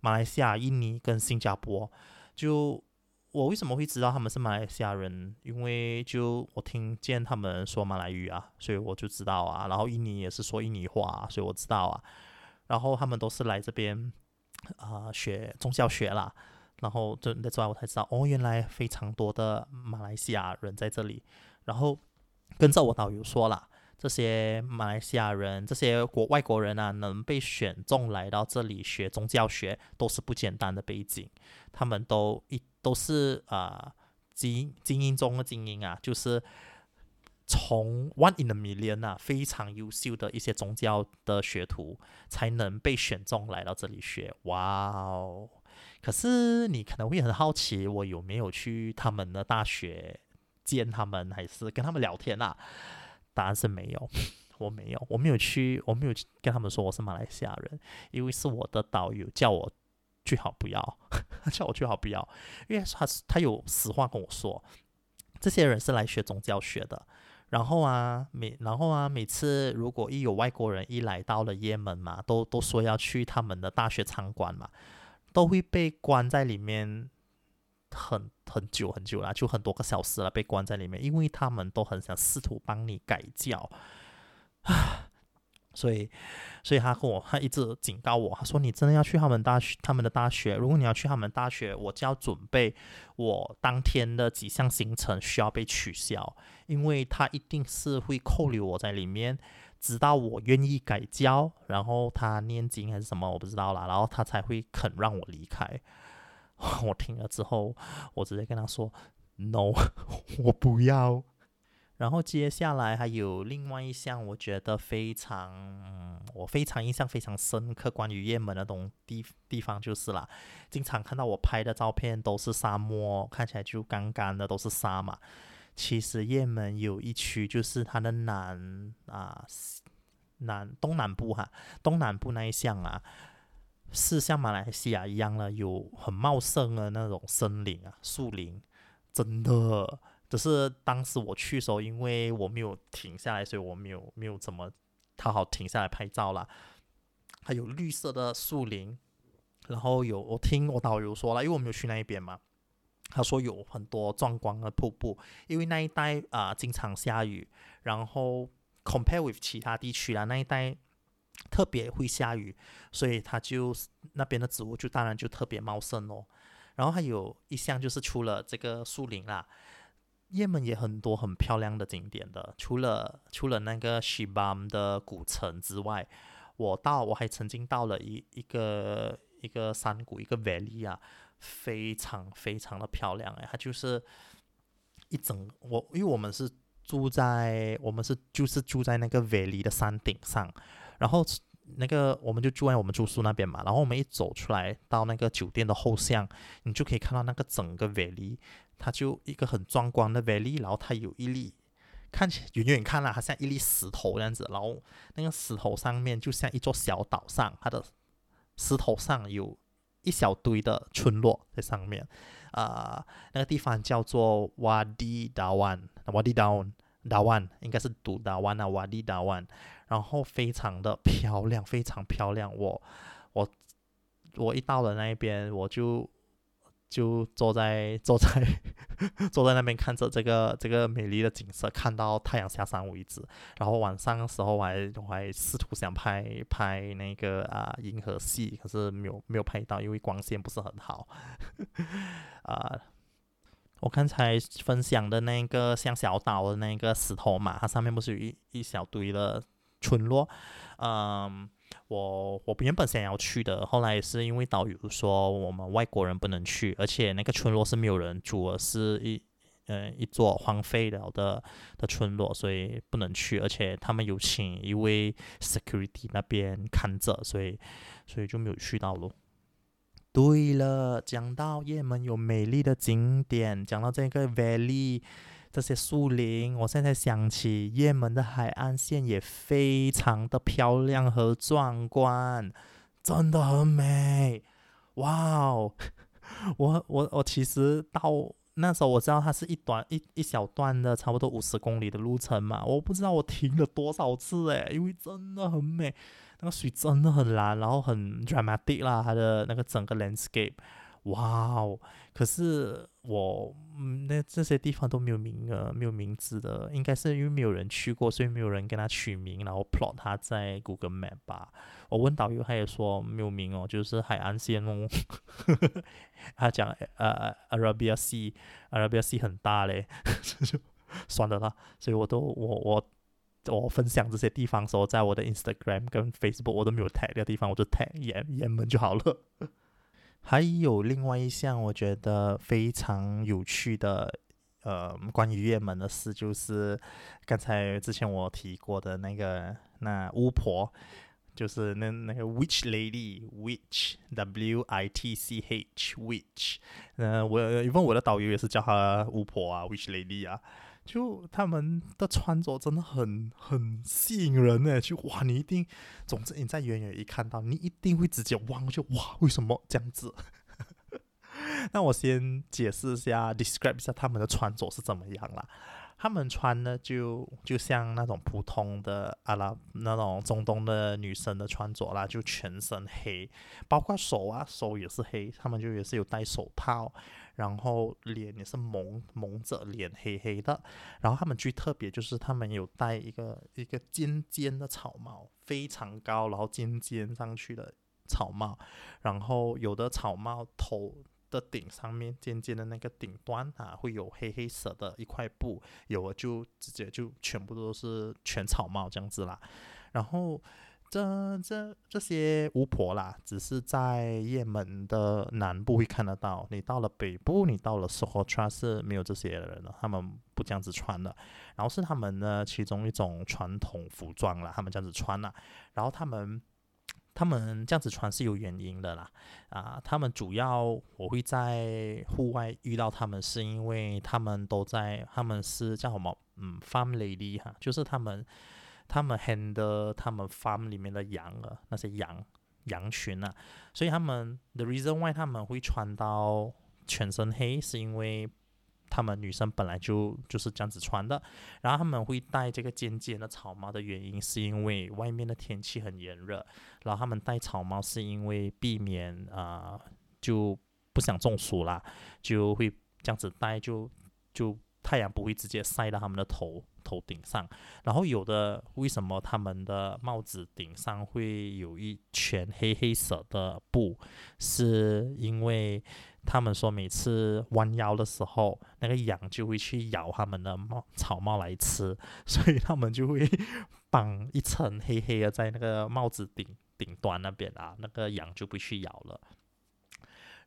馬來西亞、印尼跟新加坡，就我為什麼會知道他們是馬來西亞人？因為就我聽見他們說馬來語啊，所以我就知道啊，然後印尼也是說印尼話、啊，所以我知道啊。然後他們都是來這邊，啊、呃，學宗教學啦。然後就那這邊我才知道，哦，原來非常多的馬來西亞人在這裡。然後跟着我導遊說啦，這些馬來西亞人，這些國外國人啊，能被選中來到這裡學宗教學，都是不簡單的背景。他們都一都是啊、呃，精精英中的精英啊，就是。從 one in a million 啊，非常優秀的一些宗教的學徒才能被選中來到這裡學。哇哦！可是你可能會很好奇，我有沒有去他們的大學見他們，還是跟他們聊天啊？答案是沒有，我沒有，我沒有去，我沒有去跟他們說我是馬來西亞人，因為是我的導遊叫我最好不要，呵呵叫我最好不要，因為他是他有實話跟我說，這些人是來學宗教學的。然後啊，每然後啊，每次如果一有外國人一來到了也門嘛，都都說要去他們的大學參觀嘛，都會被關在裡面很很久很久了，就很多個小時了，被關在裡面，因為他們都很想試圖幫你改教啊。所以，所以他跟我，他一直警告我，他說：“你真的要去他們大學，他們的大學。如果你要去他們大學，我就要準備我當天的幾項行程需要被取消，因為他一定是會扣留我在裡面，直到我願意改教，然後他念經還是什麼，我不知道啦。然後他才會肯讓我離開。我聽了之後，我直接跟他說：‘No，我不要。’然後接下來還有另外一項，我覺得非常，我非常印象非常深刻，關於葉門的那種地地方，就是啦，經常看到我拍的照片都是沙漠，看起來就乾乾的，都是沙嘛。其實葉門有一區，就是它的南啊，南東南部哈、啊，東南部那一項啊，是像馬來西亞一樣的，有很茂盛的那種森林啊，樹林，真的。只是當時我去的時候，因為我沒有停下來，所以我沒有沒有怎麼好好停下來拍照啦。還有綠色的樹林，然後有我聽我導遊說了，因為我們有去那一邊嘛，他說有很多壯觀的瀑布，因為那一帶啊、呃、經常下雨，然後 compare with 其他地區啊，那一帶特別會下雨，所以他就那邊的植物就當然就特別茂盛哦。然後還有一項就是出了這個樹林啦。葉門也很多很漂亮的景點的，除了除了那個希巴姆的古城之外，我到我還曾經到了一一個一個山谷，一個 valley 啊，非常非常的漂亮哎、欸，它就是一整我因為我們是住在我們是就是住在那個 valley 的山頂上，然後那個我們就住在我們住宿那邊嘛，然後我們一走出來到那個酒店的後巷，你就可以看到那個整個 valley。它就一個很壯觀的 valley，然後它有一粒，看起遠遠看了，它像一粒石頭這樣子，然後那個石頭上面就像一座小島上，它的石頭上有一小堆的村落在上面，呃，那個地方叫做 Wadi Dawan，Wadi Dawan，Dawan 應該是讀 Dawan 啊，Wadi Dawan，然後非常的漂亮，非常漂亮，我我我一到了那一邊，我就。就坐在坐在坐在那邊看着這個這個美麗的景色，看到太陽下山為止。然後晚上的時候我還我還試圖想拍拍那個啊、呃、銀河系，可是沒有沒有拍到，因為光線不是很好。啊、呃，我剛才分享的那個像小島的那個石頭嘛，它上面不是有一一小堆的村落，嗯。我我原本想要去的，後來是因為導遊說我們外國人不能去，而且那個村落是沒有人住，而是一呃一座荒廢了的的村落，所以不能去。而且他們有請一位 security 那邊看着，所以所以就沒有去到咯。對了，講到也門有美麗的景點，講到這個 valley。這些樹林，我現在想起，葉門的海岸線也非常的漂亮和壯觀，真的很美，哇哦！我我我其實到那時候我知道它是一段一一小段的，差不多五十公里的路程嘛，我不知道我停了多少次誒，因為真的很美，那個水真的很藍，然後很 dramatic 啦，它的那個整個 landscape，哇哦！可是我。嗯，那這些地方都沒有名呃，沒有名字的，應該是因為沒有人去過，所以沒有人跟他取名，然後 plot 它在 Google Map 吧。我問導遊，他也說沒有名哦，就是海岸線哦。 他講呃，啊、Arabia Sea，Arabia Sea 很大嘞，算 了啦。所以我都我我我分享這些地方的時候，在我的 Instagram 跟 Facebook 我都沒有 tag 這個地方，我就 tag 葉門就好了。還有另外一項，我覺得非常有趣的，呃，關於葉門的事，就是剛才之前我提過的那個那巫婆，就是那那個 witch lady witch w i t c h witch，那、呃、我問我的導遊也是叫她巫婆啊，witch lady 啊。就他們的穿着真的很很吸引人呢，就哇，你一定，總之你在遠遠一看到，你一定會直接望過去，哇，為什麼這樣子？ 那我先解釋一下，describe 一下他們的穿着是怎麼樣啦。他們穿呢，就就像那種普通的阿拉那種中東的女生的穿着啦，就全身黑，包括手啊，手也是黑，他們就也是有戴手套。然後臉也是蒙蒙着臉，臉黑黑的。然後他們最特別就是他們有戴一個一個尖尖的草帽，非常高，然後尖尖上去的草帽。然後有的草帽頭的頂上面尖尖的那個頂端啊，會有黑黑色的一塊布，有的就直接就全部都是全草帽這樣子啦。然後。這這這些巫婆啦，只是在葉門的南部會看得到。你到了北部，你到了 Socotra 是沒有這些的人了，他們不這樣子穿的。然後是他們呢，其中一種傳統服裝啦，他們這樣子穿啦、啊。然後他們他們這樣子穿是有原因的啦。啊，他們主要我會在戶外遇到他們，是因為他們都在，他們是叫什麼？嗯，farm lady 哈、啊，就是他們。他們 handle 他們 farm 裡面的羊啊，那些羊羊群啊，所以他們 the reason why 他們會穿到全身黑，是因為他們女生本來就就是這樣子穿的。然後他們會戴這個尖尖的草帽的原因，是因為外面的天氣很炎熱，然後他們戴草帽是因為避免啊、呃、就不想中暑啦，就會這樣子戴就就。就太陽不會直接曬到他們的頭頭頂上，然後有的為什麼他們的帽子頂上會有一圈黑黑色的布？是因為他們說每次彎腰的時候，那個羊就會去咬他們的帽草帽來吃，所以他們就會綁一層黑黑的在那個帽子頂頂端那邊啊，那個羊就不去咬了。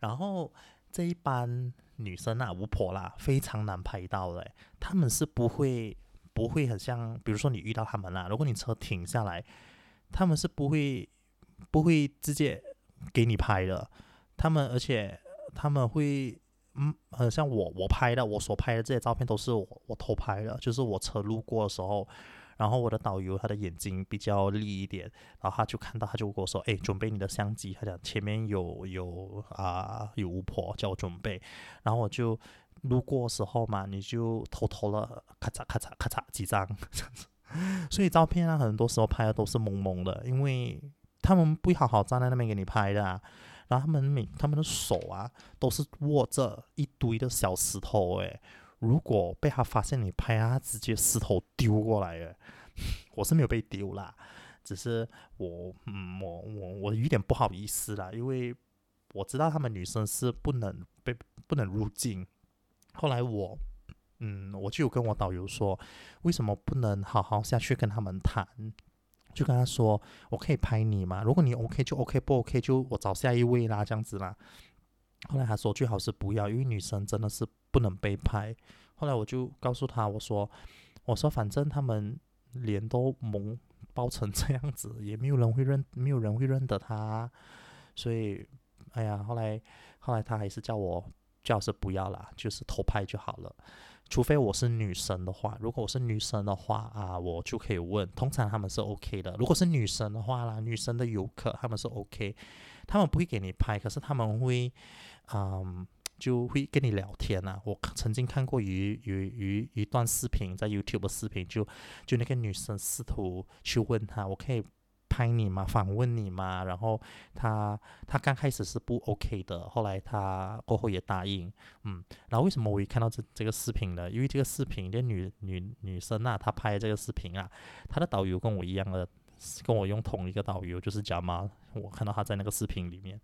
然後。這一般女生啊，巫婆啦，非常難拍到的誒。她們是不會，不會很像。比如說，你遇到她們啦、啊，如果你車停下來，他們是不會，不會直接給你拍的。他們，而且他們會，嗯，很像我。我拍的，我所拍的這些照片都是我我偷拍的，就是我車路過的時候。然後我的導遊他的眼睛比較利一點，然後他就看到，他就跟我說，哎，準備你的相機，他講前面有有啊有巫婆，叫我準備，然後我就路過時候嘛，你就偷偷了咔嚓咔嚓咔嚓幾張這樣子， 所以照片啊很多時候拍的都是蒙蒙的，因為他們不好好站在那邊給你拍的啊，然後他們每他們的手啊都是握着一堆的小石頭哎。如果被他發現你拍啊，他直接石頭丟過來了。我是沒有被丟啦，只是我，嗯，我，我，我有點不好意思啦，因為我知道他們女生是不能被不能入鏡。後來我，嗯，我就有跟我導遊說，為什麼不能好好下去跟他們談？就跟他說，我可以拍你嗎？如果你 OK 就 OK，不 OK 就我找下一位啦，這樣子啦。後來他說最好是不要，因為女生真的是。不能被拍。後來我就告訴他，我說，我說反正他們臉都蒙包成這樣子，也沒有人會認，沒有人會認得他啊。所以，哎呀，後來後來他還是叫我叫我是不要啦，就是偷拍就好了。除非我是女生的話，如果我是女生的話啊，我就可以問。通常他們是 OK 的。如果是女生的話啦，女生的遊客他們是 OK，他們不會給你拍，可是他們會，嗯。就會跟你聊天吶、啊。我曾經看過一、一一段視頻，在 YouTube 視頻，就就那個女生試圖去問她，我可以拍你嗎？訪問你嗎？然後她她剛開始是不 OK 的，後來她過後也答應，嗯。然後為什麼我一看到這這個視頻呢？因為這個視頻這女女女生啊，她拍這個視頻啊，她的導遊跟我一樣的，跟我用同一個導遊，就是賈媽。我看到她在那個視頻裡面。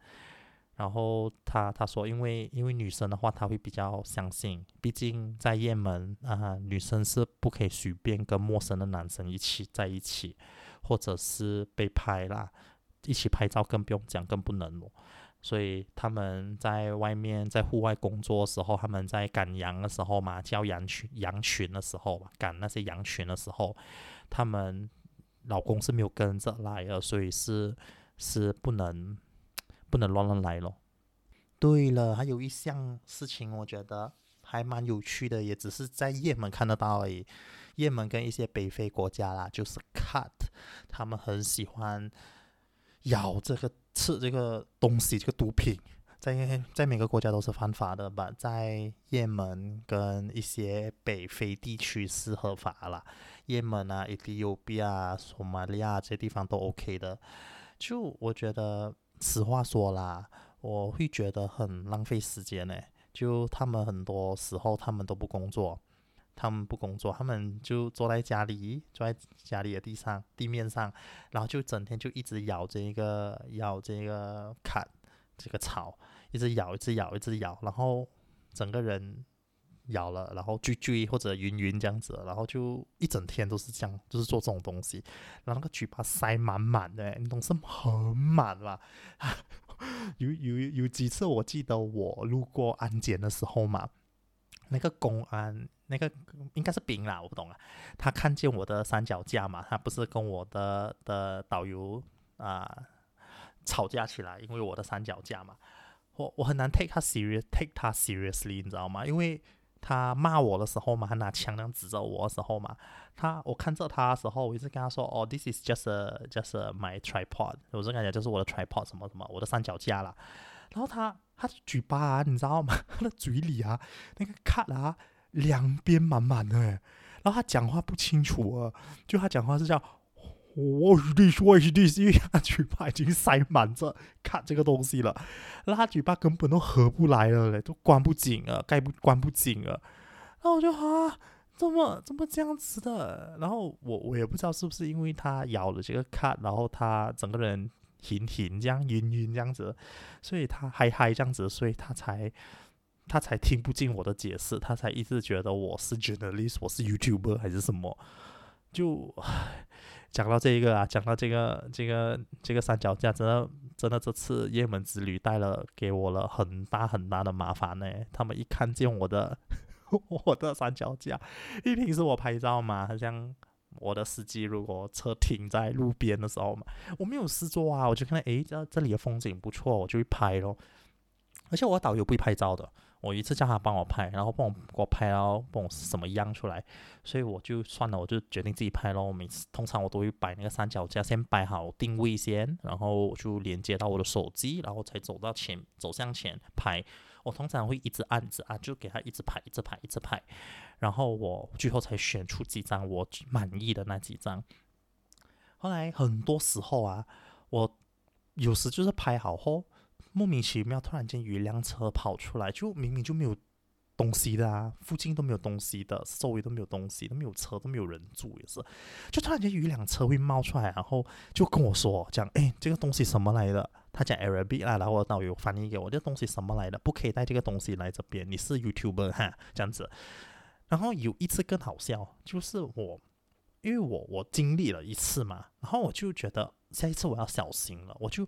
然後她她說，因為因為女生的話，她會比較相信，畢竟在葉門啊、呃，女生是不可以隨便跟陌生的男生一起在一起，或者是被拍啦，一起拍照更不用講，更不能。所以他們在外面在戶外工作時候，他們在趕羊的時候嘛，叫羊群羊群的時候嘛，趕那些羊群的時候，他們老公是沒有跟着來的，所以是是不能。不能亂亂來咯。對了，還有一項事情，我覺得還蠻有趣的，也只是在也門看得到而已。也門跟一些北非國家啦，就是 cut，他們很喜歡咬這個、吃這個東西，這個毒品，在在每個國家都是犯法的吧？在也門跟一些北非地區是合法啦。也門啊、埃塞俄比亞、索馬利亞這些地方都 OK 的。就我覺得。實話說啦，我會覺得很浪費時間呢。就他們很多時候，他們都不工作，他們不工作，他們就坐在家裡，坐在家裡的地上、地面上，然後就整天就一直咬這個、咬這個卡，這個草一直，一直咬、一直咬、一直咬，然後整個人。咬了，然後聚聚或者云云這樣子，然後就一整天都是這樣，就是做這種東西，然後那個嘴巴塞滿滿的，你懂是很滿啦。 有有有幾次我記得我路過安檢的時候嘛，那個公安那個應該是兵啦，我不懂啊。他看見我的三腳架嘛，他不是跟我的的導遊啊、呃、吵架起來，因為我的三腳架嘛，我我很難 take 他 serious，take 他 seriously，你知道嗎？因為他罵我的時候嘛，他拿槍那樣指着我的時候嘛，他我看着他的時候，我一直跟他說：“哦、oh，this is just a, just a my tripod。”我就感覺就是我的 tripod，什麼什麼，我的三腳架了。然後他他的嘴巴、啊、你知道嗎？他的嘴裡啊那個卡啊兩邊滿滿的，然後他講話不清楚，就他講話是叫。我你，師，我是因為，他嘴巴已經塞滿這卡這個東西了，那他嘴巴根本都合不來了嘞，都關不緊了，蓋不關不緊啊。那我就啊，怎麼怎麼這樣子的？然後我我也不知道是不是因為他咬了這個卡，然後他整個人暈暈這樣，暈暈這樣子，所以他嗨嗨這樣子，所以他才他才聽不進我的解釋，他才一直覺得我是 journalist 我是 youtuber 還是什麼，就。講到這一個啊，講到這個這個這個三腳架，真的真的這次也門之旅帶了給我了很大很大的麻煩呢。他們一看見我的我的三腳架，一定是我拍照嘛，好像我的司機如果車停在路邊的時候嘛，我沒有事做啊，我就看到哎這、啊、這裡的風景不錯，我就去拍咯。而且我導遊不會拍照的。我一次叫他幫我拍，然後幫我給我拍，然後幫我什麼樣出來，所以我就算了，我就決定自己拍咯。我每次通常我都會擺那個三腳架，先擺好定位先，然後我就連接到我的手機，然後才走到前走向前拍。我通常會一直按著啊，就給他一直拍，一直拍，一直拍，然後我最後才選出幾張我滿意的那幾張。後來很多時候啊，我有時就是拍好後。莫名其妙，突然間有一輛車跑出來，就明明就沒有東西的啊，附近都沒有東西的，周圍都沒有東西，都沒有車，都沒有人住也是。就突然間有一輛車會冒出來，然後就跟我說講：“誒、欸，這個東西什麼來的？”他講 “Arabic” 啊，然後我導遊翻譯給我：“這個、東西什麼來的？不可以帶這個東西來這邊。”你是 YouTuber 哈，這樣子。然後有一次更好笑，就是我因為我我經歷了一次嘛，然後我就覺得下一次我要小心了，我就。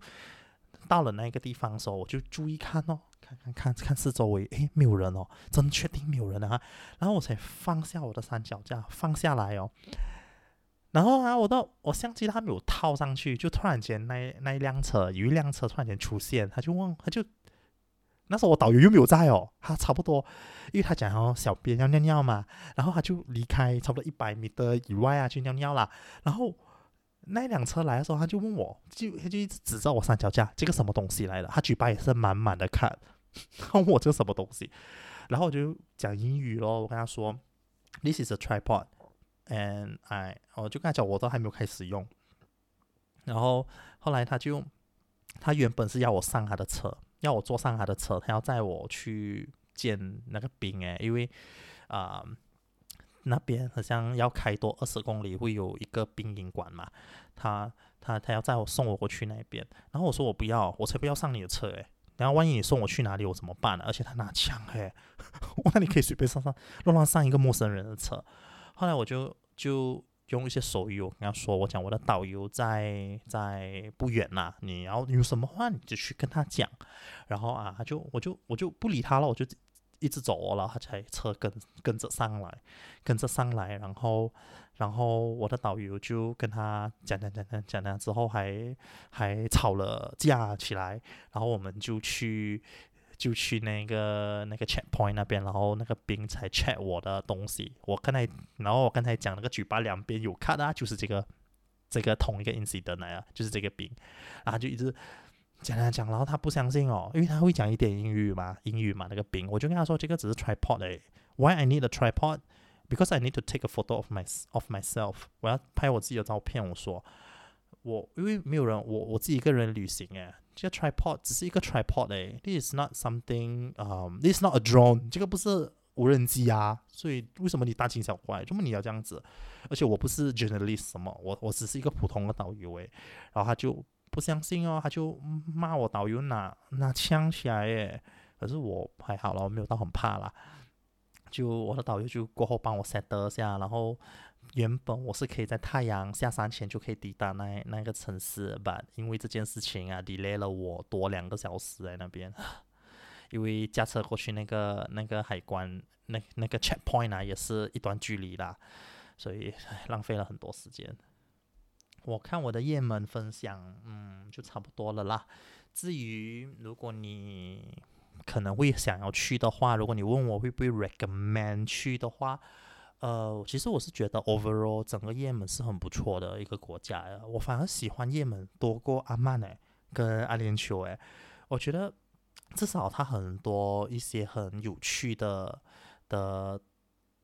到了那個地方的時候，我就注意看哦，看看看看四周圍，哎，沒有人哦，真確定沒有人啊。然後我才放下我的三腳架，放下來哦。然後啊，我到我相機它沒有套上去，就突然間那那一輛車，有一輛車突然間出現，他就問，他就那時候我導遊又沒有在哦，他差不多，因為他講哦，小編要尿尿嘛，然後他就離開差不多一百米的以外啊，去尿尿啦，然後。那輛車來的時候，他就問我，就他就一直指着我三腳架，這個什麼東西來的？他嘴巴也是滿滿的看，看我這個什麼東西。然後我就講英語咯。我跟他說：“This is a tripod, and I……” 我就跟他講，我都還沒有開始用。然後後來他就，他原本是要我上他的車，要我坐上他的車，他要載我去見那個兵誒，因為，啊、呃。那邊好像要開多二十公里，會有一個殯儀館嘛。他他他要載我送我過去那邊，然後我說我不要，我才不要上你的車誒，然後萬一你送我去哪裡，我怎麼辦呢？而且他拿槍誒，我那你可以隨便上上，亂亂上一個陌生人的車。後來我就就用一些手語我跟他說，我講我的導遊在在不遠啦、啊，你要有什麼話你就去跟他講。然後啊，他就我就我就不理他了，我就。一直走，然後他才車跟跟着上來，跟着上來，然後然後我的導遊就跟他講講講講講，之後還還吵了架起來，然後我們就去就去那個那個 check point 那邊，然後那個兵才 check 我的東西，我剛才然後我剛才講那個嘴巴兩邊有 cut 啊，就是這個這個同一個 incident 來啊，就是這個兵，然後就一直。簡單講，然後他不相信哦，因為他會講一點英語嘛，英語嘛那個兵，我就跟他說，這個只是 tripod 誒。Why I need a tripod? Because I need to take a photo of my of myself。我要拍我自己的照片。我說我因為沒有人，我我自己一個人旅行誒。這個 tripod 只是一個 tripod 誒。This is not something, um, this is not a drone。這個不是無人機啊。所以為什麼你大驚小怪？為什麼你要這樣子？而且我不是 journalist 什麼，我我只是一個普通的導遊誒。然後他就。不相信哦，他就罵我導遊拿拿槍起來耶！可是我還好了，我沒有到很怕啦。就我的導遊就過後幫我 set 的下，然後原本我是可以在太陽下山前就可以抵達那那個城市，but 因為這件事情啊，delay 了我多兩個小時在，哎，那邊。因為駕車過去那個那個海關那那個 check point 啊，也是一段距離的，所以浪費了很多時間。我看我的也門分享，嗯，就差不多了啦。至於如果你可能會想要去的話，如果你問我會不會 recommend 去的話，呃，其實我是覺得 overall 整個也門是很不錯的一個國家呀。我反而喜歡也門多過阿曼誒跟阿聯酋誒，我覺得至少它很多一些很有趣的的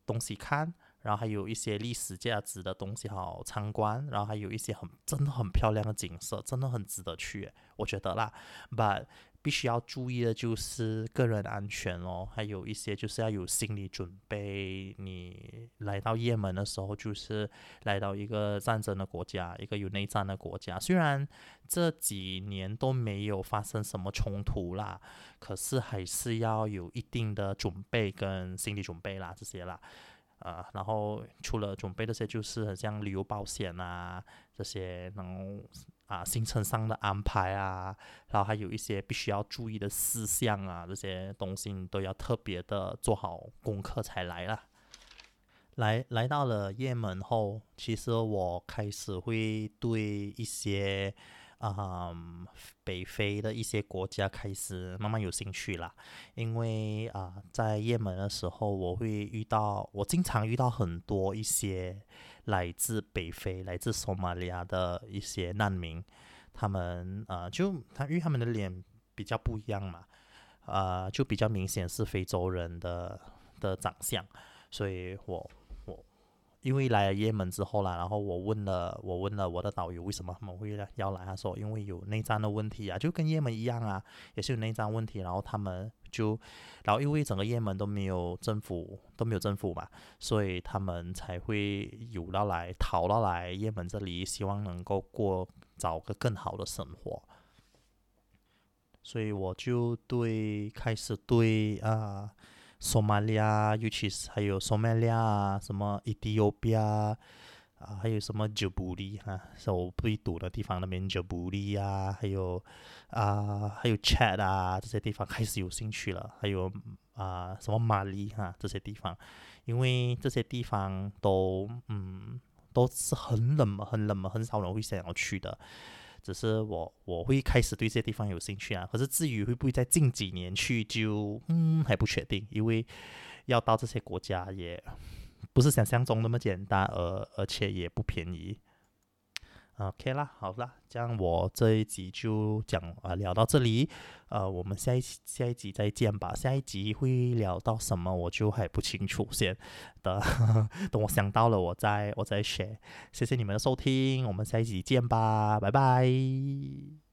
東西看。然後還有一些歷史價值的東西好參觀，然後還有一些很真的很漂亮的景色，真的很值得去，我覺得啦。But 必須要注意的就是個人安全哦，還有一些就是要有心理準備。你來到也門的時候，就是來到一個戰爭的國家，一個有內戰的國家。雖然這幾年都沒有發生什麼衝突啦，可是還是要有一定的準備跟心理準備啦，這些啦。啊，然後除了準備那些，就是很像旅遊保險啊這些，然後啊行程上的安排啊，然後還有一些必須要注意的事項啊，這些東西你都要特別的做好功課才來啦。來來到了葉門後，其實我開始會對一些啊，um，北非的一些國家開始慢慢有興趣啦，因為啊，在也門的時候，我會遇到，我經常遇到很多一些來自北非、來自索馬利亞的一些難民，他們啊，就他因為他們的臉比較不一樣嘛，啊，就比較明顯是非洲人的的長相，所以我。因為來了也門之後啦，然後我問了，我問了我的導遊，為什麼他們會要來啊？他說，因為有內戰的問題啊，就跟也門一樣啊，也是有內戰問題。然後他們就，然後因為整個也門都沒有政府，都沒有政府嘛，所以他們才會有到來，逃到來也門這裡，希望能夠過，找個更好的生活。所以我就對開始對啊。呃 Somalia 啊，尤其是還有 Somalia，什麼 Ethiopia 啊，還有什麼 Djibouti，哈、啊，是我不會讀的地方那邊 Djibouti 啊，還有啊，還有 Chad 啊，這些地方開始有興趣了。還有啊，什麼馬里哈，這些地方，因為這些地方都嗯，都是很冷嘛，很冷嘛，很少人會想要去的。只是我我會開始對這些地方有興趣啊，可是至於會不會在近幾年去就，就嗯還不確定，因為要到這些國家也不是想象中那麼簡單，而而且也不便宜。OK 啦，好了，這樣我這一集就講啊聊到這裡，呃，我們下一期下一集再見吧。下一集會聊到什麼，我就還不清楚先。先等，等我想到了我再我再寫。謝謝你們的收聽，我們下一集見吧，拜拜。